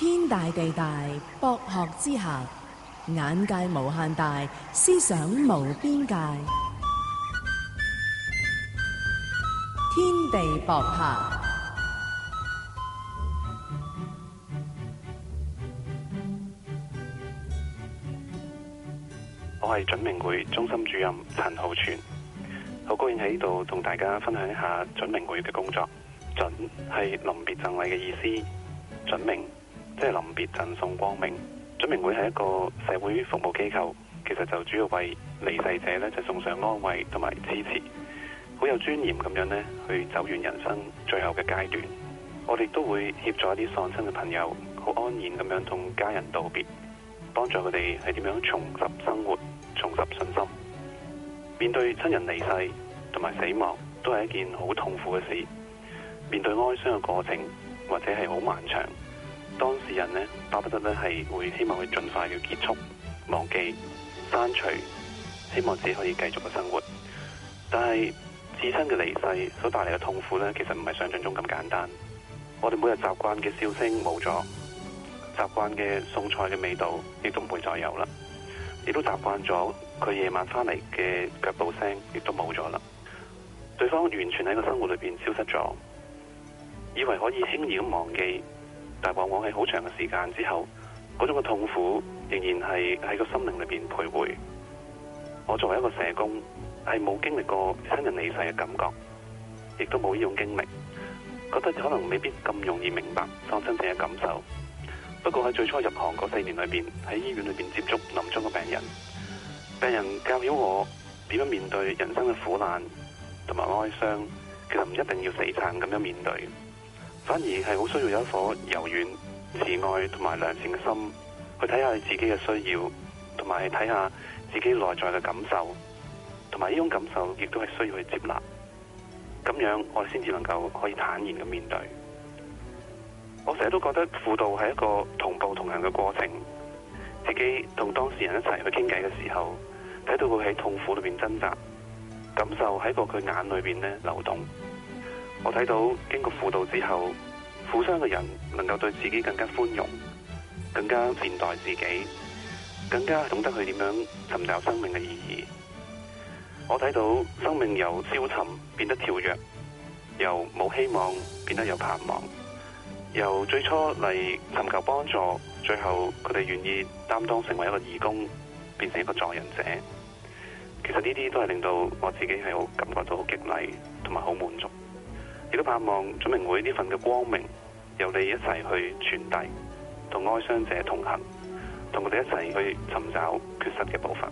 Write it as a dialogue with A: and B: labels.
A: 天大地大，博學之下，眼界無限大，思想無邊界。天地博客，我係贐明會中心主任陳浩泉，好高興喺呢度同大家分享一下贐明會嘅工作。贐係臨別贈禮嘅意思，贐明。即係臨別贈送光明，贐明會係一個社會服務機構，其實就主要為離世者咧，就送上安慰同埋支持，好有尊嚴咁樣咧去走完人生最後嘅階段。我哋都會協助一啲喪親嘅朋友，好安然咁樣同家人道別，幫助佢哋係點樣重拾生活、重拾信心。面對親人離世同埋死亡，都係一件好痛苦嘅事。面對哀傷嘅過程，或者係好漫長。當事人呢，巴不得呢係會希望佢盡快嘅結束、忘記、刪除，希望自己可以繼續嘅生活。但係至親嘅離世所帶嚟嘅痛苦呢，其實唔係想象中咁簡單。我哋每日習慣嘅笑聲冇咗，習慣嘅餸菜嘅味道，亦都唔會再有啦。亦都習慣咗佢夜晚返嚟嘅腳步聲，亦都冇咗啦。對方完全喺個生活裏邊消失咗，以為可以輕易咁忘記。但往往喺好長嘅時間之後，嗰種嘅痛苦仍然係喺個心靈裏邊徘徊。我作為一個社工，係冇經歷過親人離世嘅感覺，亦都冇呢種經歷，覺得可能未必咁容易明白喪親者嘅感受。不過喺最初入行嗰四年裏邊，喺醫院裏邊接觸臨終嘅病人，病人教曉我點樣面對人生嘅苦難同埋哀傷，其實唔一定要死撐咁樣面對。反而係好需要有一顆柔軟、慈愛同埋良善嘅心，去睇下自己嘅需要，同埋睇下自己內在嘅感受，同埋呢種感受亦都係需要去接納。咁樣我哋先至能夠可以坦然咁面對。我成日都覺得輔導係一個同步同行嘅過程，自己同當事人一齊去傾偈嘅時候，睇到佢喺痛苦裏邊掙扎，感受喺個佢眼裏邊嘅流動。我睇到經過輔導之後，負傷嘅人能夠對自己更加寬容，更加善待自己，更加懂得去點樣尋找生命嘅意義。我睇到生命由消沉變得跳躍，由冇希望變得有盼望，由最初嚟尋求幫助，最後佢哋願意擔當成為一個義工，變成一個助人者。其實呢啲都係令到我自己係好感覺到好激勵，同埋好滿足。亦都盼望贐明會呢份嘅光明，由你一齊去傳遞，同哀傷者同行，同佢哋一齊去尋找缺失嘅部分。